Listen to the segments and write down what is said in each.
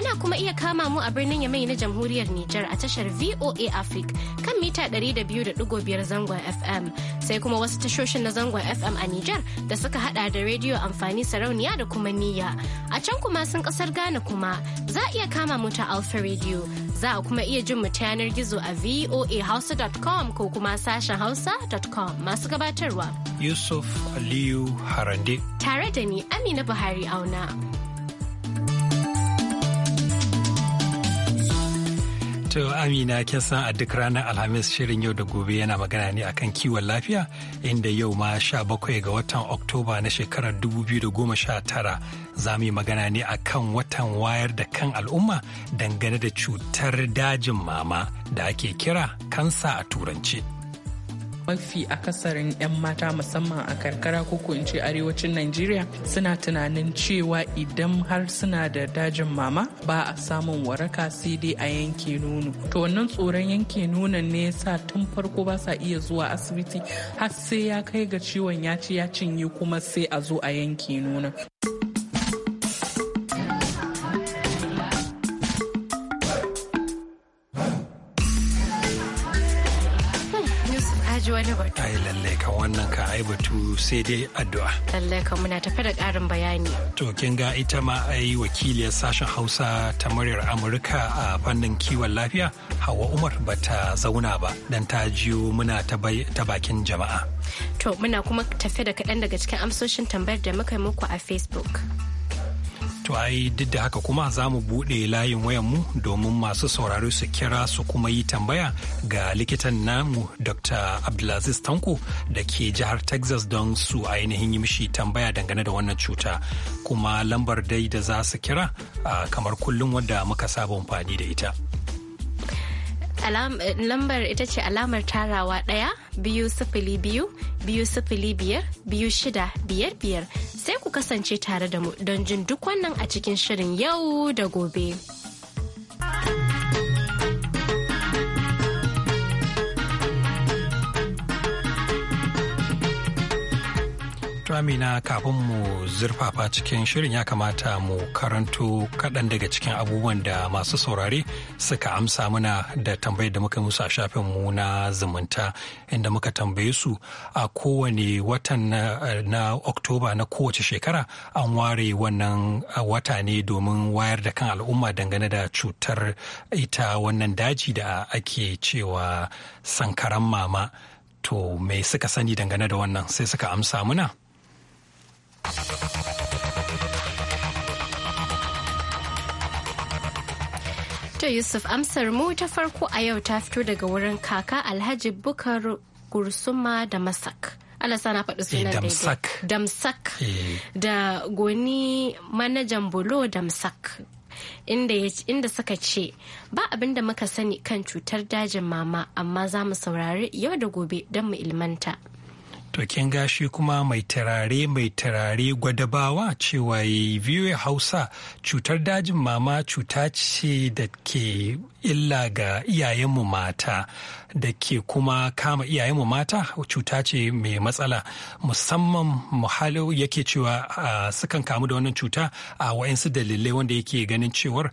Ana kuma iya kama mu a birnin Yamai na Jamhuriyar Nijar a tashar VOA Africa kan mita 200.5 zangon FM. Sai kuma wasu tashoshin na zangon FM a Nijar da suka hada da rediyo amfani sarauniya da kuma niyya. A can kuma sun kasar Ghana kuma za a iya kama mu ta Alfa Radio. Za a kuma iya jin mu ta yanar gizo a voahausa.com ko kuma sashen hausa.com masu gabatarwa. Yusuf Aliyu Harande. Tare da ni Amina Buhari Auna. To Amina kin san a duk ranar Alhamis shirin yau da gobe yana magana ne akan kiwon lafiya inda yau ma sha bakwai ga watan Oktoba na shekarar 2019 za mu yi magana ne akan watan wayar da kan al'umma dangane da cutar dajin mama da ake kira kansa a turanci. mafi akasarin 'yan mata musamman a karkara ko in ce arewacin Najeriya suna tunanin cewa idan har suna da dajin mama ba a samun waraka sai dai a yanke nono. To wannan tsoron yanke nonon ne yasa tun farko ba sa iya zuwa asibiti har sai ya kai ga ciwon ya ci ya cinye kuma sai a zo a yanke nono ji wani batu. Ai lalle ka wannan ka ai batu sai dai addu'a. lallai ka muna tafe da ƙarin bayani. To kin ga ita ma ai wakiliyar sashen Hausa ta muryar Amurka a fannin kiwon lafiya Hawa Umar bata zauna ba dan ta jiyo muna ta bakin jama'a. To muna kuma tafe da kaɗan daga cikin amsoshin tambayar da muka yi muku a Facebook. To ai duk da haka kuma za mu buɗe layin wayanmu domin masu sauraro su kira su kuma yi tambaya ga likitan namu Dr. Abdulaziz Tanko da ke jihar Texas don su ainihin yi mishi tambaya dangane da wannan cuta. Kuma lambar dai da za su kira kamar kullum wadda muka saba amfani da ita. Eh, lambar ita ce alamar tarawa ɗaya biyu sifili biyu biyu sifili biyar biyu shida biyar biyar sai ku kasance tare da mu don jin duk wannan a cikin shirin yau da gobe. Amina kafin mu zurfafa cikin shirin ya kamata mu karanto kaɗan daga cikin abubuwan da masu saurare suka amsa mana da tambayar da muka musu a shafin mu na zumunta inda muka tambaye su a kowane watan na oktoba na kowace shekara an ware wannan wata ne domin wayar da kan al'umma dangane da cutar ita wannan daji da ake cewa sankaran mama to me suka sani dangane da wannan sai suka amsa muna To Yusuf amsar mu ta farko a yau ta fito daga wurin kaka Alhaji Bukar Gursuma da Masak. alasa na faɗi eh, sunan daidai. Damsak. Eh. Da goni manajan bulo Damsak. inda suka ce ba abin da muka sani kan cutar dajin mama amma za mu saurari yau da gobe don mu ilmanta. To gashi kuma mai tarare mai tarare gwadabawa cewa ya Hausa cutar dajin mama cuta ce da ke illa ga iyayenmu mata da ke kuma kama iyayenmu mata cuta ce mai matsala musamman muhalau yake cewa sukan kamu da wannan cuta a wa'insu dalilai wanda yake ganin cewar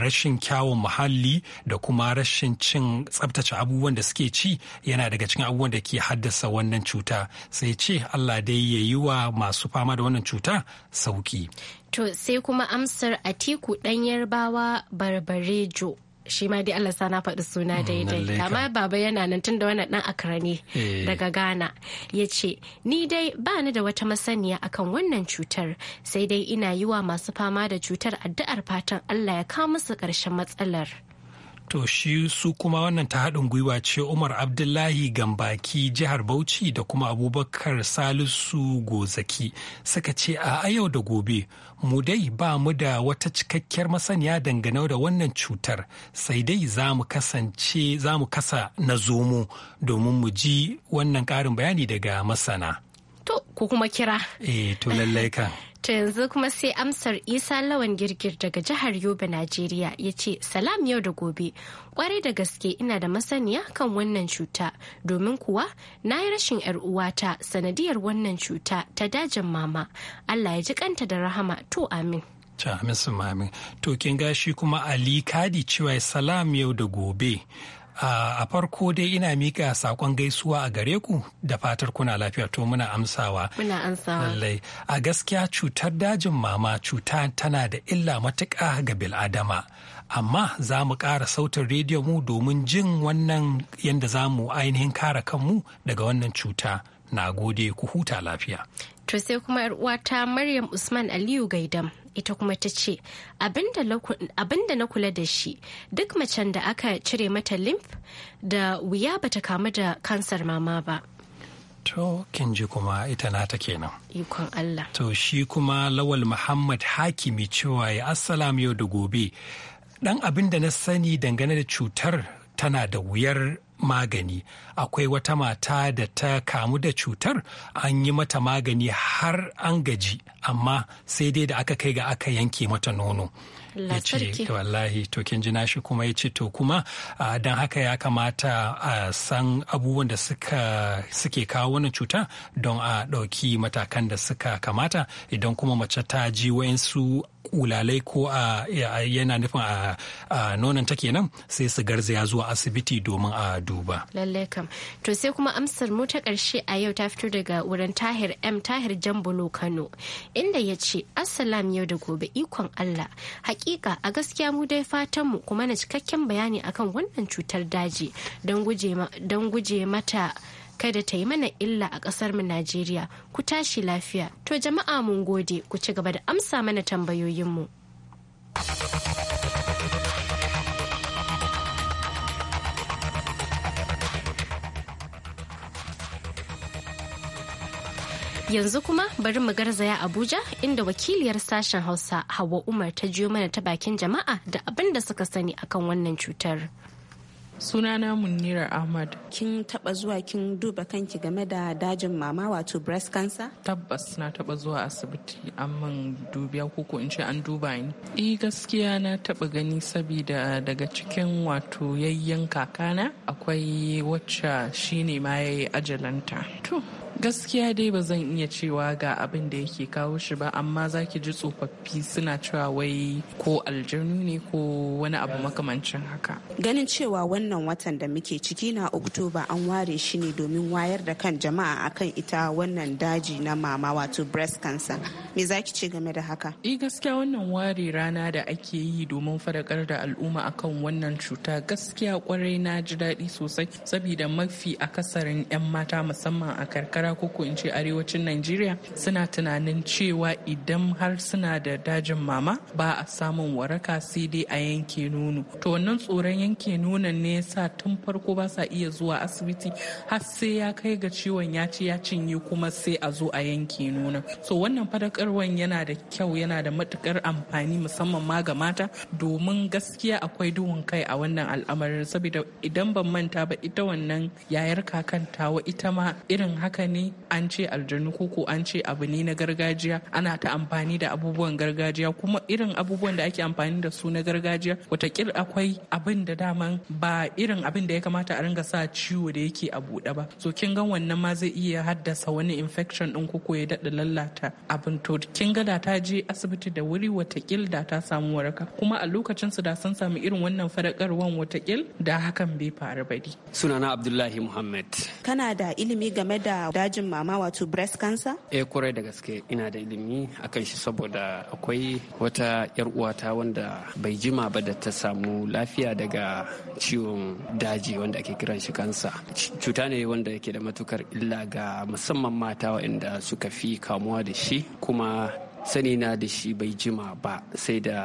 rashin kyawun muhalli da kuma rashin cin tsabtace abubuwan da suke ci yana daga cikin abubuwan da ke haddasa wannan cuta sai ce allah dai ya yi wa masu fama da wannan cuta sauki to sai kuma amsar atiku ɗan yarbawa barbarejo shi ma dai Allah sana faɗi suna mm, daidai amma baba yana nan tun da wannan ɗan akra eh. daga Ghana ya ce ni dai ba ni da wata masaniya akan wannan cutar sai dai ina yi wa masu fama da cutar addu'ar fatan Allah ya kawo musu ƙarshen matsalar. To shi su kuma wannan ta haɗin gwiwa ce Umar Abdullahi Gambaki jihar Bauchi da kuma Abubakar Salisu Gozaki suka ce a yau da gobe mu dai ba mu da wata cikakkiyar masaniya dangane da wannan cutar sai dai za mu kasance za mu kasa na zomo domin mu ji wannan ƙarin bayani daga masana. To, ku kuma kira. Eh, to lallai kan. To yanzu kuma sai amsar Isa Lawan Girgir daga jihar Yobe, Najeriya ya ce, Salam yau da gobe, kwarai da gaske ina da masaniya kan wannan cuta, domin kuwa na yi rashin ‘yar uwata sanadiyar wannan cuta ta dajin mama. Allah ya ji kanta da rahama, to amin. Ta amin su mamin. To kin gashi kuma Ali Kadi cewa salam yau da gobe. a farko dai ina mika sakon gaisuwa a gare ku da fatar kuna lafiya to muna amsawa muna amsawa lallai a gaskiya cutar dajin mama cuta tana da illa matuƙa ga bil'adama amma za mu ƙara sautin rediyo mu domin jin wannan yadda za mu ainihin kare kanmu daga wannan cuta na gode ku huta lafiya To sai kuma yar uwata Maryam Usman Aliyu Gaidam ita kuma ta ce abinda na kula da shi duk macen da aka cire mata lymph da wuya ba ta kamu da kansar mama ba. To kin ji kuma ita nata kenan. Ikon Allah. To shi kuma Lawal Muhammad Hakimi cewa ya assalamu yau da gobe. Dan abin da na sani dangane da cutar tana da wuyar magani akwai wata mata da ta kamu da cutar an yi mata magani har an gaji amma sai dai da aka kai ga aka yanke mata nono ya ce wallahi to kin ji nashi kuma ya ce to kuma don haka ya kamata a san abubuwan da suke kawo wannan cuta don a ɗauki matakan da suka kamata idan kuma mace ta ji wayansu kulalai ko a yana nufin a nonon ta kenan sai su garzaya zuwa asibiti domin a duba. Lalle kam. To sai kuma amsar mu ta ƙarshe a yau ta fito daga wurin Tahir M Tahir Jambulo Kano inda ya ce Assalam yau da gobe ikon Allah. Hakika a gaskiya mu dai fatan mu kuma na cikakken bayani akan wannan cutar daji don guje mata kada ta yi mana illa a ƙasar mu Najeriya ku tashi lafiya to jama'a mun gode ku ci gaba da amsa mana tambayoyinmu. yanzu kuma bari mu garzaya abuja inda wakiliyar sashen hausa hawa umar ta jiyo mana ta bakin jama'a da abin da suka sani akan wannan cutar. sunana munira ahmad kin taba zuwa kin duba kanki game da dajin mama wato breast cancer tabbas na taba zuwa asibiti amma dubiya koko in ce an duba ni E, gaskiya na taba gani saboda daga cikin wato yayyen kakana akwai wacce shine ma yayi ajalanta to gaskiya dai ba zan iya cewa ga abin da yake kawo shi ba amma za ki ji tsofaffi suna cewa wai ko aljanu ne ko wani abu makamancin haka ganin cewa wannan watan da muke ciki na oktoba an ware shi ne domin wayar da kan jama'a akan ita wannan daji na mama wato breast cancer me za ki ce game da haka eh gaskiya wannan ware rana da ake yi domin fadakar da al'umma akan wannan cuta gaskiya kwarai na ji daɗi sosai saboda mafi akasarin 'yan mata musamman a karkara karkara ko in ce arewacin Najeriya suna tunanin cewa idan har suna da dajin mama ba a samun waraka sai dai a yanke nono. To wannan tsoron yanke nonon ne sa tun farko ba sa iya zuwa asibiti har sai ya kai ga ciwon ya ci ya cinye kuma sai a zo a yanke nonon. So wannan fadakarwan yana da kyau yana da matukar amfani musamman ma ga mata domin gaskiya akwai duhun kai a wannan al'amarin saboda idan ban manta ba ita wannan yayar kakan tawa ita ma irin haka ne ne an ce aljanu koko an ce abu ne na gargajiya ana ta amfani da abubuwan gargajiya kuma irin abubuwan da ake amfani da su na gargajiya watakil akwai abin da daman ba irin abin da ya kamata a ringa sa ciwo da yake a buɗe ba so kin ga wannan ma zai iya haddasa wani infection din koko ya daɗa lallata abin to kin ga da ta je asibiti da wuri watakil da ta samu waraka kuma a lokacin su da sun samu irin wannan fadakarwan watakil da hakan bai faru ba sunana abdullahi muhammad kana da ilimi game da dajin mama wato breast cancer? Eh kurai da gaske ina da ilimi akan shi saboda akwai wata yar uwata wanda bai jima ba da ta samu lafiya daga ciwon daji wanda ake kiran shi kansa. Cuta ne wanda yake da matukar illa ga musamman mata waɗanda suka fi kamuwa da shi kuma sani na da shi bai jima ba sai da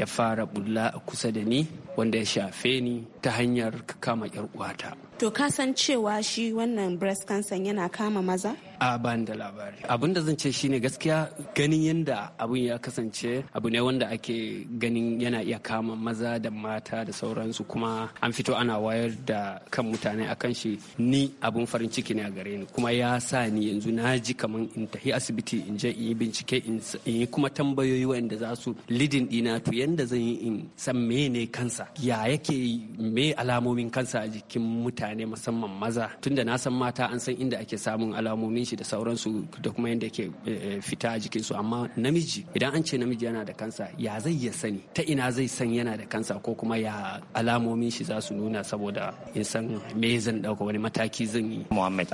ya fara bulla a kusa da ni wanda ya shafe ni ta hanyar kama yar uwata to ka san cewa shi wannan breast cancer yana kama maza a ban da labari abin da zan ce shine gaskiya ganin yadda abun ya kasance abu ne wanda ake ganin yana iya kama maza da mata da sauransu kuma an fito ana wayar da kan mutane akan shi ni abin farin ciki ne a gare ni kuma ya sa ni yanzu na ji kaman in tafi asibiti in je in yi bincike in yi kuma tambayoyi wanda za su lidin dina to yadda zan yi in san me ne kansa ya yake me alamomin kansa a jikin mutane musamman maza tunda na san mata an san inda ake samun alamomin shi da sauransu da kuma yadda ke eh, fita a jikinsu amma namiji idan an ce namiji yana da kansa ya zai ya sani ta ina zai san yana da kansa ko kuma ya alamomin shi za su nuna saboda in san me zan dauka wani mataki zan yi muhammad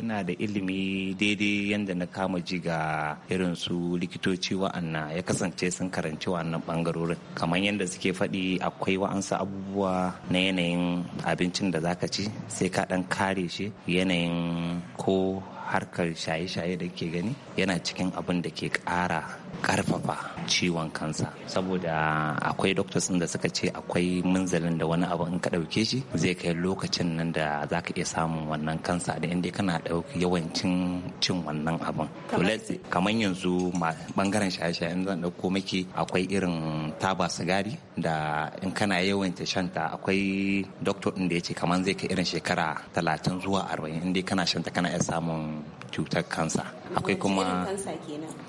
ina da ilimi daidai yadda na kama ji ga irin su likitoci wa'anna ya kasance sun karanci wa'annan bangarorin kamar yadda suke faɗi akwai wa'ansu abubuwa na yanayin abincin da za ka ci sai ka ɗan kare shi yanayin ko harkar shaye-shaye da ke gani yana cikin abin da ke ƙara karfafa ciwon kansa saboda akwai doctors da suka ce akwai munzalin da wani abu in ka ɗauke shi zai kai lokacin nan da za ka iya samun wannan kansa da inda kana ɗauki yawancin cin wannan abin to kamar yanzu bangaren shaye-shaye in zan dauko miki akwai irin taba sigari da in kana yawan shanta akwai doctor inda da ya ce kamar zai kai irin shekara talatin zuwa arba'in in kana shanta kana iya samun cutar kansa akwai kuma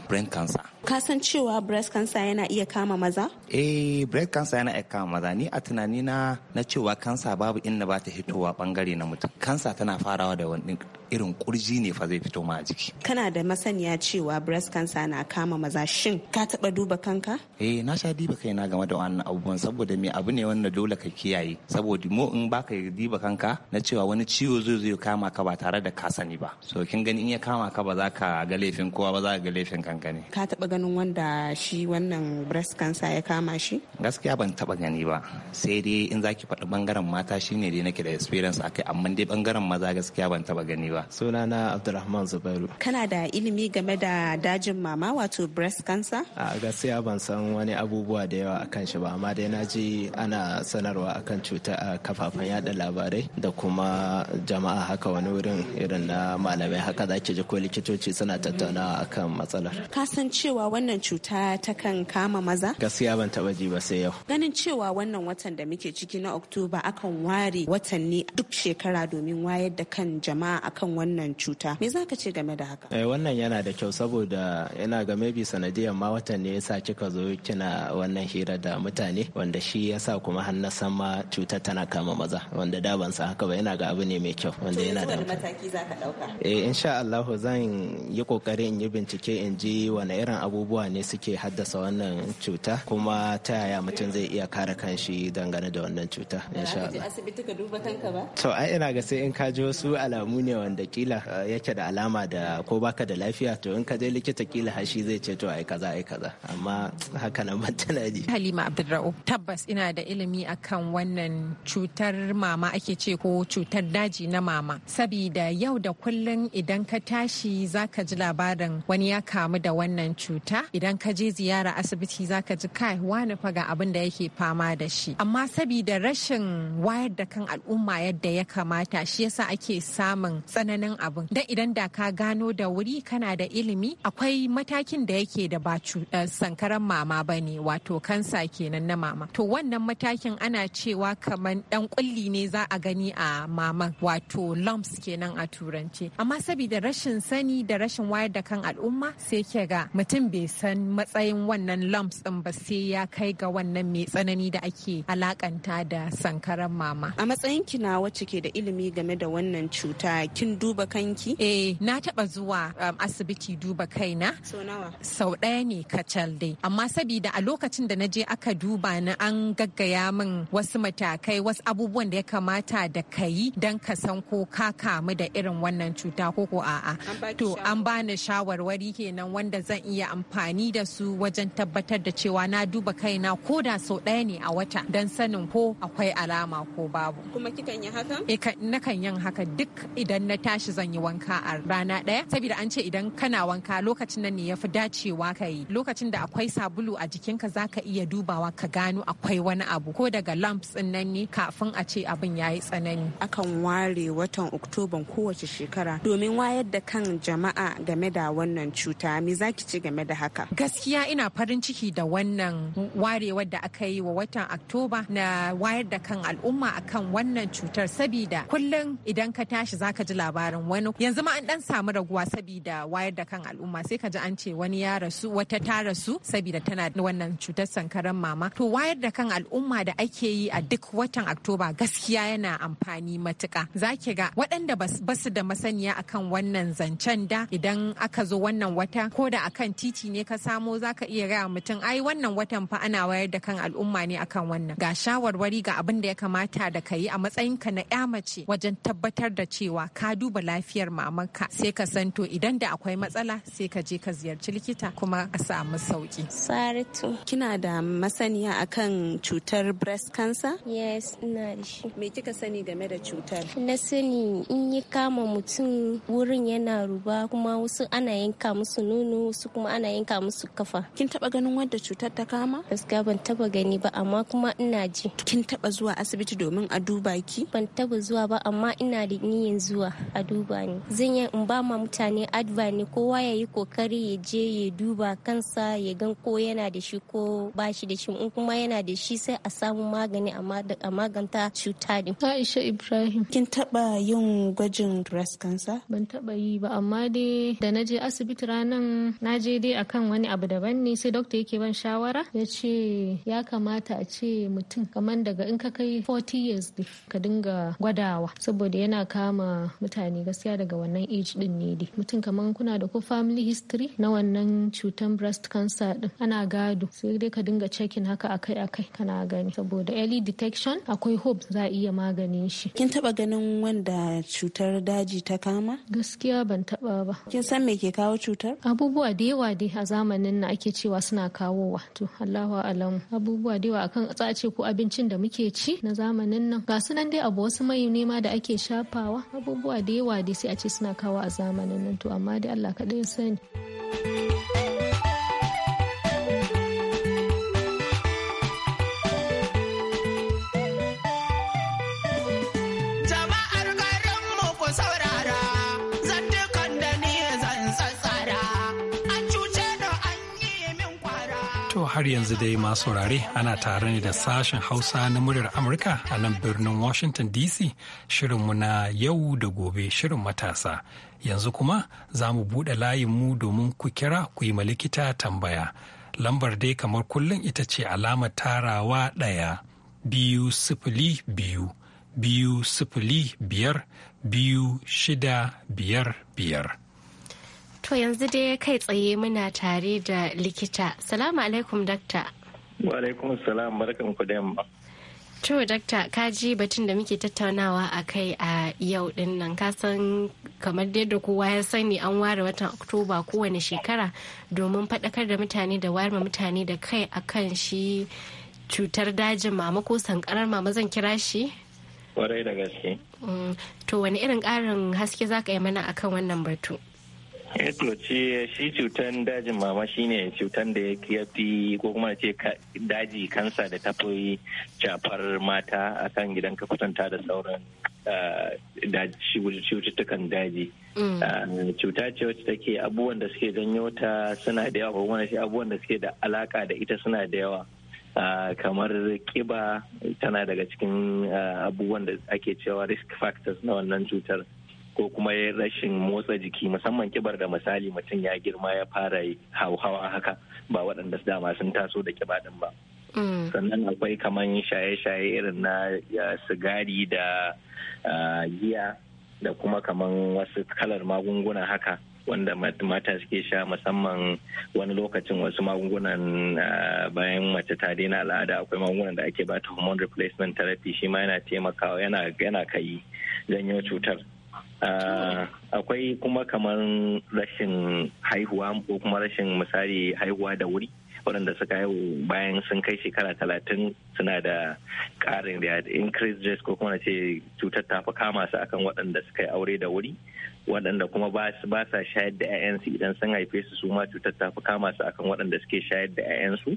brain cancer ka san cewa breast cancer yana iya kama maza eh breast cancer yana iya kama maza ni a tunani na na cewa kansa babu inda ba ta hitowa bangare na mutum kansa tana farawa da wani irin kurji ne fa zai fito ma a jiki kana da masaniya cewa breast cancer na kama maza shin ka taba duba kanka eh na sha diba kaina game da wannan abubuwan saboda me abu ne wanda dole ka kiyaye saboda mu in baka diba kanka na cewa wani ciwo zai zo kama ka ba tare da ka sani ba so kin gani in ya kama ka ba za ka ga laifin kowa ba za ka ga laifin kanka ne ka taba ganin wanda shi wannan breast cancer ya kama shi gaskiya ban taba gani ba sai dai in zaki faɗi bangaren mata shine dai nake da experience akai amma dai bangaren maza gaskiya ban taba gani ba Zubaira. Sunana Abdulrahman Zubairu. Kana da ilimi game da dajin mama wato breast cancer? A gaskiya ban san wani abubuwa da yawa akan shi ba amma dai na ji ana sanarwa akan cuta a kafafen yada labarai da kuma jama'a haka wani wurin irin na malamai haka za ki ji ko likitoci suna tattaunawa akan matsalar. Ka san cewa wannan cuta ta kan kama maza? Gaskiya ban taba ji ba sai yau. Ganin cewa wannan watan da muke ciki na Oktoba akan ware watanni duk shekara domin wayar da kan jama'a akan kan wannan cuta me za ka ce game da haka eh wannan yana da kyau saboda yana ga maybe sanadiyar ma watan ne yasa kika zo kina wannan hira da mutane wanda shi yasa kuma har na san ma cuta tana kama maza wanda da ban sa haka ba yana ga abu ne mai kyau wanda yana da mataki za ka dauka eh insha Allah zan yi kokari in yi bincike in ji wani irin abubuwa ne suke haddasa wannan cuta kuma ta yaya mutum zai iya kare kanshi dangane da wannan cuta insha Allah asibiti ka duba kanka ba to ai ina ga sai in ka ji wasu alamu ne wanda da kila eh, yake da alama da ko baka da lafiya to in ka je likita kila hashi zai ce to ai kaza ai kaza amma haka nan ban ji Halima Abdurrao tabbas ina da ilimi akan wannan cutar mama ake ce ko cutar daji na mama sabida yau da kullun idan ka tashi zaka ji labarin wani ya kamu da wannan cuta idan ka je ziyara asibiti zaka ji kai wani fa ga abin da yake fama da shi amma sabida rashin wayar da kan al'umma yadda ya kamata shi yasa ake samun tsananin abin dan idan da ka gano da wuri kana da ilimi akwai matakin da yake da ba eh, sankaran mama ba ne wato kansa kenan na mama to wannan matakin ana cewa kamar dan kulli ne za a gani a mama wato lumps kenan a turance amma saboda rashin sani da rashin wayar da kan al'umma sai ke ga mutum bai san matsayin wannan lumps din ba sai ya kai ga wannan mai tsanani da ake alakanta da sankaran mama a matsayin na wacce ke da ilimi game da wannan cuta kin duba kanki? Eh, na taba zuwa um, asibiti duba kaina. So nawa? Sau ɗaya ne kacal dai. Amma sabida a lokacin da na je aka duba na an gaggaya min wasu matakai wasu abubuwan da ya kamata da ka yi don ka san ko ka kamu da irin wannan cuta ko ko a'a. To an bani shawarwari kenan wanda zan iya amfani da su wajen tabbatar da cewa na duba kaina ko da sau ɗaya ne a wata don sanin ko akwai alama ko babu. Kuma kikan yi haka? Eh, nakan yin haka duk idan na tashi zan yi wanka a rana ɗaya saboda an ce idan kana wanka lokacin nan ne ya fi dacewa ka yi lokacin da akwai sabulu a jikinka za ka iya dubawa ka gano akwai wani abu ko daga lamps ɗin nan ne kafin a ce abin ya yi tsanani. Akan ware watan Oktoban kowace shekara domin wayar da kan jama'a game da wannan cuta me za ki ci game da haka? Gaskiya ina farin ciki da wannan warewar da aka yi wa watan Oktoba na wayar da kan al'umma akan wannan cutar sabida kullum idan ka tashi za ka ji labarin labarin wani yanzu ma an dan samu raguwa saboda wayar da kan al'umma sai ka ji an ce wani ya rasu wata ta rasu saboda tana wannan cutar sankaran mama to wayar da kan al'umma da ake yi a duk watan oktoba gaskiya yana amfani matuka zaki ga waɗanda ba su da masaniya akan wannan zancen da idan aka zo wannan wata ko da akan titi ne ka samo za ka iya gaya mutum ai wannan watan fa ana wayar da kan al'umma ne akan wannan ga shawarwari ga abin da ya kamata da ka yi a matsayinka na ya mace wajen tabbatar da cewa ka duba lafiyar mamanka sai ka santo idan da akwai matsala sai ka je ka ziyarci likita kuma a samu sauki. Saratu. Kina da masaniya akan cutar breast cancer? Yes, ina da shi. Me kika sani game da cutar? Na sani in yi kama mutum wurin yana ruba kuma wasu ana yanka musu nono wasu kuma ana yanka musu kafa. Kin taba ganin wadda cutar ta kama? Gaskiya ban taba gani ba amma kuma ina ji. Kin taba zuwa asibiti domin a duba ki? Ban taba zuwa ba amma ina da niyyar zuwa. a duba ni zan yi in ba ma mutane adva ne kowa ya yi kokari ya je ya duba kansa ya gan ko yana da shi ko ba shi da shi in kuma yana da shi sai a samu magani a maganta cuta din Aisha Ibrahim kin taba yin gwajin breast cancer ban taba yi ba amma dai da na je asibiti ranan na je dai akan wani abu daban ne sai doctor yake ban shawara ya ce ya kamata a ce mutum kamar daga in ka kai 40 years ka dinga gwadawa saboda yana kama mutane mutane gaskiya daga wannan age din ne dai mutum kamar kuna da ko family history na wannan cutan breast cancer din ana gado sai dai ka dinga checking haka akai akai kana gani saboda early detection akwai hope za iya maganin shi kin taba ganin wanda cutar daji ta kama gaskiya ban taba ba kin san me ke kawo cutar abubuwa da yawa dai a zamanin na ake cewa suna kawowa to Allahu alam abubuwa da yawa akan ce ko abincin da muke ci na zamanin nan ga sunan dai abu wasu mai nema da ake shafawa abubuwa da da yawa dai sai a ce suna kawo a zamanin nan to amma dai Allah kaɗai ya sani. har yanzu dai masu saurare ana tare ne da sashen Hausa na muryar Amurka a nan birnin Washington DC shirinmu na yau da gobe shirin matasa. Yanzu kuma za mu buɗe layinmu domin ku kira ku yi likita tambaya. Lambar dai kamar kullum ita ce alamar tarawa ɗaya biyu sifili biyu biyu sifili biyar biyu shida biyar biyar. To yanzu dai kai tsaye muna tare da likita. Salamu alaikum dakta. Wa alaikum salam barkan ku da yamma. To dakta ji batun da muke tattaunawa a kai a yau din nan kasan kamar dai da kowa ya sani an ware watan Oktoba kowane shekara domin faɗakar da mutane da warma mutane da kai a kan shi cutar dajin mama ko sankarar mama zan kira shi? Kwarai da gaske. Mm. To wani irin ƙarin haske za ka yi mana kan wannan batu? Eh, to ce shi cutan dajin mama shine cutan da ya fi ko kuma ce daji kansa da ta fi shafar mata a kan gidan ka kwatanta da sauran eh, cututtukan daji mm. eh, cuta ce wacce take abubuwan da suke janyo ta suna da yawa ko kuma shi abubuwan da suke da alaka da ita suna da yawa kamar kiba tana daga cikin abubuwan da ake cewa risk factors na wannan cutar. ko kuma rashin motsa jiki musamman kibar da misali mutum ya girma ya fara hauhawa haka ba waɗanda dama sun taso da kiba ɗin ba mm. sannan akwai kaman shaye-shaye irin na sigari da giya da kuma kaman wasu kalar magunguna haka wanda mata suke sha musamman wani lokacin wasu magungunan bayan mace ta daina al'ada akwai magungunan da ake bata hormone replacement therapy shi ma yana taimakawa yana kai janyo cutar Ah, akwai kuma kamar rashin haihuwa ko kuma rashin misali haihuwa da wuri waɗanda suka yi bayan sun kai shekara talatin suna da ƙarin da increased risk ko kuma ce cutar ta fi kama su akan waɗanda suka yi aure da wuri waɗanda kuma ba sa shayar da 'ya'yansu idan sun haife su su ma cutar ta fi kama su akan waɗanda suke shayar da 'ya'yansu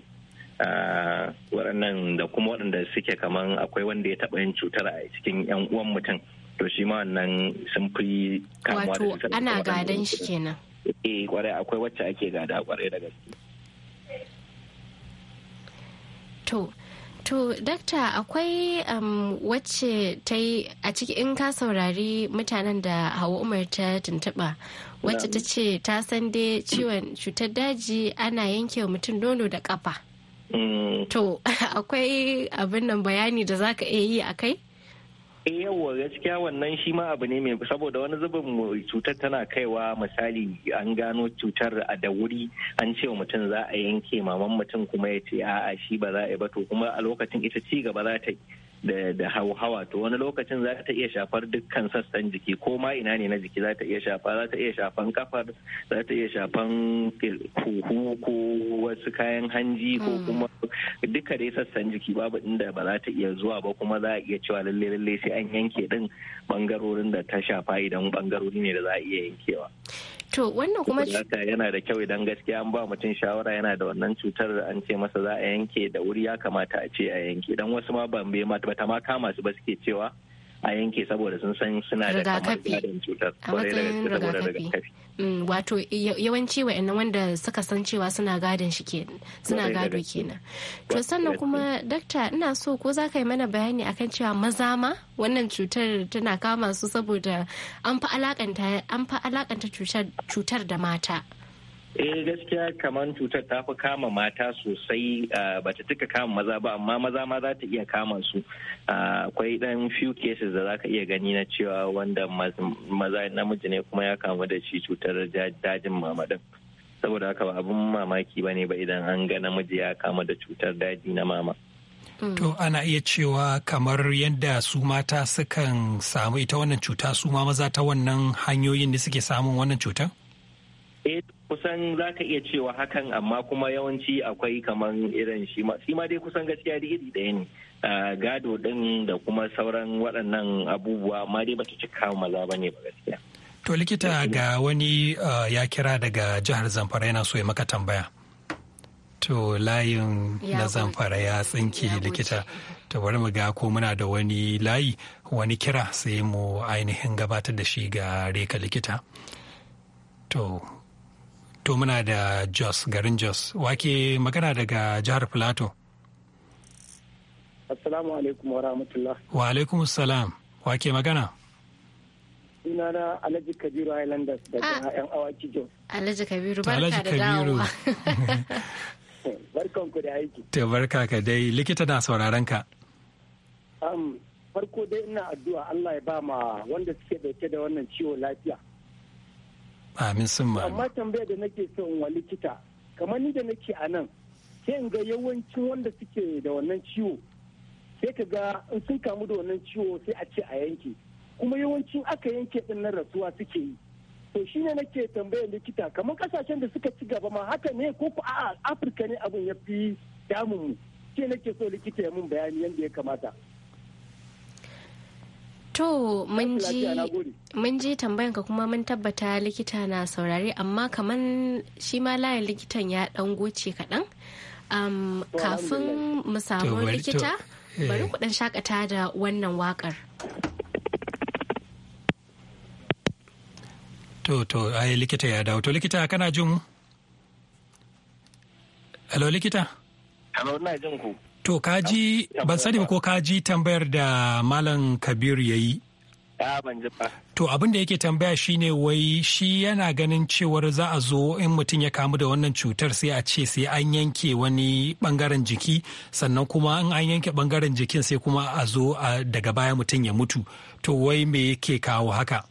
ah, waɗannan da kuma waɗanda suke kaman akwai wanda ya taɓa yin cutar a cikin 'yan uwan mutum to shi ma wannan sun fi kamuwa da wato ana gadan shi kenan eh kwarai akwai wacce ake gada kwarai da to To, dakta akwai um, wacce ta yi a ciki in ka saurari mutanen da hawa umar ta tuntuɓa wacce ta ce ta san dai ciwon cutar daji ana yanke mutum nono da kafa. Mm. To, akwai abin nan bayani da za ka iya yi a kai? eh yawa gaskiya wannan shi ma abu ne mai saboda wani zubin cutar tana kaiwa misali an gano cutar a da wuri an ce wa mutum za a yanke maman mutum kuma ya ce a'a shi ba za a yi ba to kuma a lokacin ita ci gaba za ta yi da hauhawa to wani lokacin za ta iya shafar dukkan sassan jiki ko ma ina ne na jiki za ta iya shafa za ta iya shafan kafar za ta iya shafan huhu ko wasu kayan hanji ko hmm. kuma duka dai sassan jiki babu inda ba za ta iya zuwa ba kuma za a iya cewa lalle lalle sai an yanke din bangarorin da ta shafa idan bangarori ne da za a iya yankewa. To wannan kuma haka yana da kyau idan gaskiya an ba mutum shawara yana da wannan cutar da an ce masa za a yanke da wuri ya kamata a ce a yanke idan wasu ma ban bai mata ma kama su ba suke cewa a yanke saboda sun san suna da kamar cutar kwarai da gaske saboda rigakafi. Mm, wato yawanci wa'annan wanda suka san cewa suna gadon shi ke suna gado kenan. To sannan kuma dakta ina so ko za ka yi mana bayani akan cewa maza ma wannan cutar tana kama su saboda an fi alakanta cutar da mata. eh gaskiya kamar cutar ta fi kama mata sosai eh, ba ta tuka kama maza ba amma maza ma za ta iya kama su eh, akwai dan few cases da zaka iya gani na cewa wanda maza namiji ne kuma ya kamu da shi cutar dajin mama din saboda haka ba abun mamaki ba ne ba idan an ga namiji ya kama da cutar daji na mama mm. To ana iya cewa kamar yadda su mata sukan samu ita wannan cuta su ma maza ta wannan hanyoyin da suke samun wannan cutar? eh kusan za ka iya cewa hakan amma kuma yawanci akwai kamar irin shi ma shi ma dai kusan gaskiya da iri ɗaya ne gado ɗin da kuma sauran waɗannan abubuwa ma dai bata kawo maza ba ne ba gaskiya to likita ga wani ya kira daga jihar zamfara yana so ya maka tambaya to layin na zamfara ya tsinki likita to bari mu ga ko muna da wani layi wani kira sai mu ainihin gabatar da shi ga reka likita to to muna da jos garin jos wake magana daga jihar plateau assalamu alaikum wa rahmatullah wa alaikum salam wake magana suna na alhaji kabiru islanders daga yan ah. awaki jos alhaji kabiru barka da dawowa barkan ku da aiki to barka ka dai likita na sauraron ka farko dai ina addu'a Allah ya ba ma wanda suke dauke da wannan ciwo lafiya Amin sun ma. Amma tambayar da nake son wa likita, kamar ni da nake a nan, sai in ga yawancin wanda suke da wannan ciwo, sai ka ga in sun kamu da wannan ciwo sai a ce a yanke. Kuma yawancin aka yanke ɗin na rasuwa suke yi. To shi ne nake tambayar likita, kamar kasashen da suka ci gaba ma haka ne ko ku a'a Afirka ne abin ya fi damun mu. Sai nake so likita ya mun bayani yadda ya kamata. To mun ji ka kuma mun tabbata likita na saurare amma kaman shi ma layin likitan ya dan goce kaɗan. Um, kafin mu samu likita eh. bari ku dan shakata da wannan wakar. To to ai likita ya dawo. To likita kana jin mu? Hello likita? Hello ina jin ku. To kaji ban sani ba ko kaji tambayar da Malam Kabir ya yi. To abin da yake tambaya shine wai shi yana ganin cewar za a zo in mutum ya kamu da wannan cutar sai a ce sai an yanke wani bangaren jiki sannan kuma in an yanke bangaren jikin sai kuma a zo daga baya mutum ya mutu. To wai me yake kawo haka?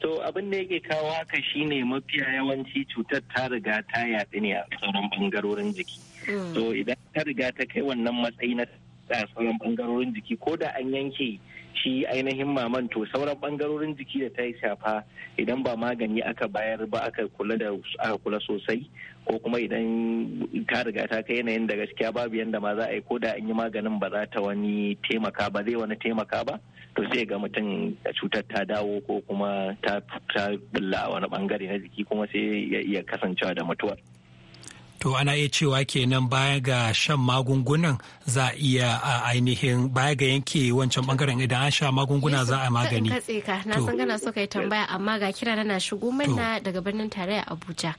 To abin da yake kawo haka shine mafiya yawanci cutar ta riga ta yaɗu ne a sauran bangarorin jiki. Mm. so idan ta riga ta kai wannan matsayi na sauran bangarorin jiki ko da an yanke shi ainihin maman to sauran bangarorin jiki da ta yi shafa idan ba magani aka bayar ba aka kula da aka kula sosai ko kuma idan ta riga ta kai yanayin da gaskiya babu yanda ma za a yi ko da an yi maganin ba za ta wani taimaka ba zai wani taimaka ba to sai ga mutum cutar ta dawo ko kuma ta bulla a wani bangare na jiki kuma sai ya iya kasancewa da mutuwar. to ana iya cewa kenan baya ga shan magungunan za a iya a ainihin baya ga yanke wancan bangaren idan an sha magunguna za a magani katse ka na san gana so kai tambaya amma ga kira na shigo mana daga birnin tarayya Abuja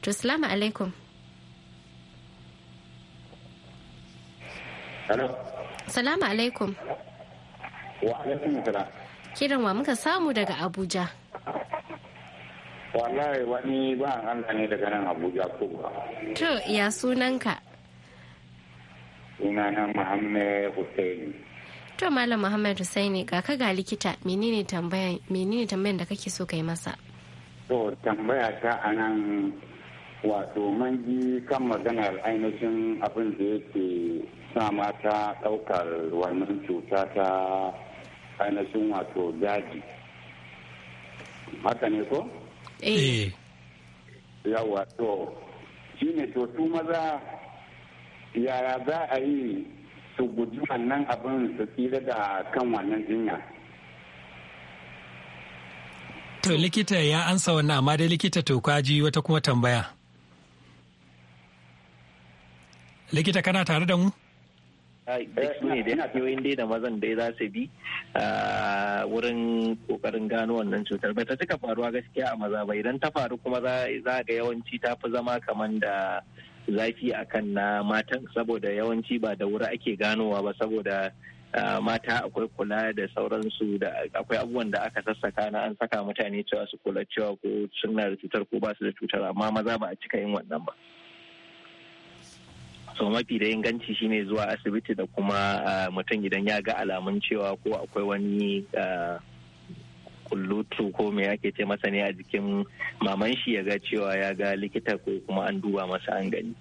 to salamu alaikum salamu alaikum wa alaikum salam kiran wa muka samu daga Abuja wallahi wani ba Allah ne daga nan Abuja ko ba to ya sunanka nan Muhammad Hussein to malam Muhammad Hussein ga ka ga likita menene tambayan menene tambayan da kake so kai masa to tambaya ta anan wato man ji kan magana ainihin abin da yake sa mata ɗaukar wannan cuta ta ainihin wato daji haka ne ko? eh yawa to shine to su maza yaya za a yi su guji wannan abin su tsira da kan wannan jinya to likita ya ansa wannan amma dai likita to kwaji wata kuma tambaya likita kana tare da mu? Eh, da ne dai hanyoyin dai da mazan dai za su bi ah, wurin kokarin gano wannan cutar bata ta cika faruwa gaskiya a maza ba idan ta faru kuma za ga yawanci ta fi zama kaman da zafi akan na matan saboda yawanci ba da wuri ake ganowa ba saboda ah, mata akwai kula da sauransu da akwai abubuwan da aka sassaka na an saka mutane cewa su kula cewa ko suna da cutar ko ba su da cutar amma maza ba a cika yin wannan ba. so mafi da inganci shine zuwa asibiti da kuma ah, mutum idan ya ga alamun cewa ko akwai wani ah, kullutu ko me ake ce masa ne a jikin maman shi ya ga cewa ya ga likita ko kuma an duba masa an gani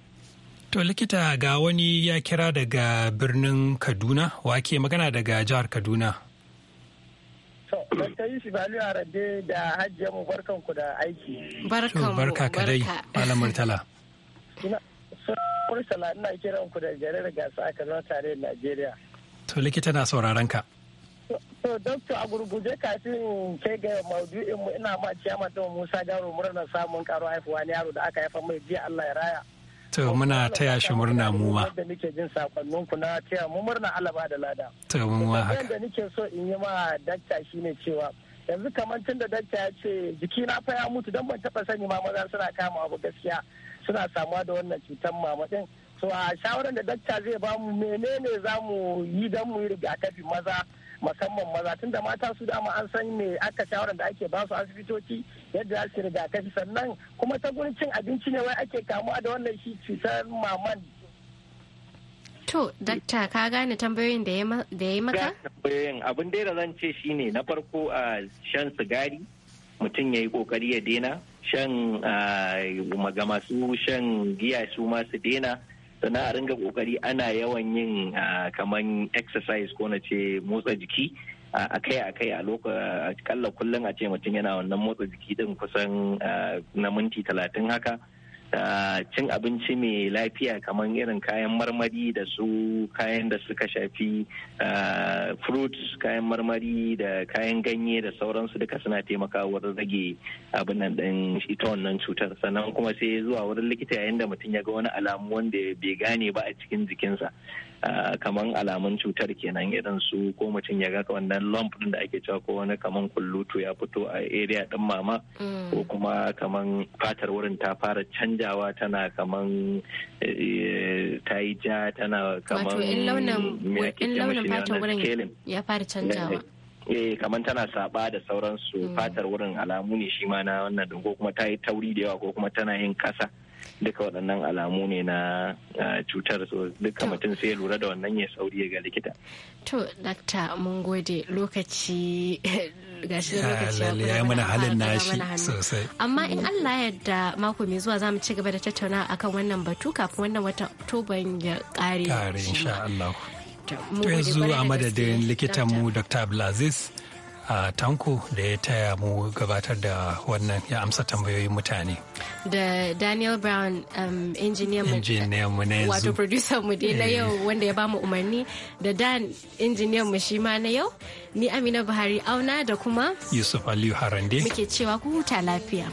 to likita ga wani ya kira daga birnin kaduna wake magana daga jihar kaduna Barka yi shi ba a da hajjiya mu barkan ku da aiki. Barka barka kadai, Malam Murtala. Ursula ina kiran ku da da gasa aka zo tare Najeriya. To likita na sauraron ka. To dokta a gurguje kafin kai ga maudu'in mu ina ma ciyama don Musa Jaro murna samun karo haifuwa ne yaro da aka haifa mai jiya Allah ya raya. To muna taya shi murna mu ma. Da nake jin sakonnin ku na taya mu murna Allah ba da lada. To mu ma haka. Da nake so in yi ma dakta shine cewa yanzu kamar tun da dakta ya ce jiki na fa ya mutu don ban taba sani ma maza suna kama abu gaskiya suna samuwa da wannan cutar mamadin so a shawarar da dakta zai ba mu menene za mu yi don mu yi rigakafi maza musamman maza tun da mata su dama an san me aka shawarar da ake ba su asibitoci yadda za su rigakafi sannan kuma ta gurin cin abinci ne wai ake kamuwa da wannan shi cutar maman To, dakta ka gane tambayoyin da ya yi maka? Tambayoyin abin da zan ce shine na farko a shan sigari mutum ya yi kokari ya daina shan ga masu shan giya su masu dena sannan a ringa kokari ana yawan yin kaman exercise ko na ce motsa jiki a kai a kai a lokacin kalla kullum a ce mutum yana wannan motsa jiki din kusan na minti talatin haka cin abinci mai lafiya kamar irin kayan marmari da su kayan da suka shafi eh, fruits kayan marmari da kayan ganye da sauransu duka suna taimakawa wurin rage abin nan din ita wannan cutar sannan kuma sai zuwa wurin likita yayin da mutum ya ga wani alamu wanda bai gane ba a cikin jikinsa Ah, kaman alamun cutar kenan irin su ko mutum ya ga wannan lump din da ake cewa ko wani kaman kullutu ya fito a area din mama mm. ko kuma kaman fatar wurin ta fara canjawa tana kaman eh, ta yi ja tana kaman wato in launin fatar wurin ya fara canjawa eh, eh kamar tana saba da sauransu mm. fatar wurin alamu ne shi ma na wannan ko kuma ta yi tauri da yawa ko kuma tana yin kasa duka waɗannan alamu ne na cutar so duka mutum sai lura da wannan ya sauri ga likita to dakta mun gode lokaci gashi ah, lokaci ya mana halin nashi sosai amma in Allah yadda mako mai zuwa zamu ci gaba da tattauna akan wannan batu kafin wannan wata toban ya kare kare insha Allah to yanzu a madadin likitanmu Dr. Abdulaziz a tanko da ya taya mu gabatar da wannan ya amsa tambayoyin mutane da daniel brown um, injiniyan mu na yanzu wato producer mu dai na eh. yau wanda ya bamu umarni da dan injiniyan mu shi ma na yau ni amina buhari auna da kuma yusuf aliyu harande muke cewa ku huta lafiya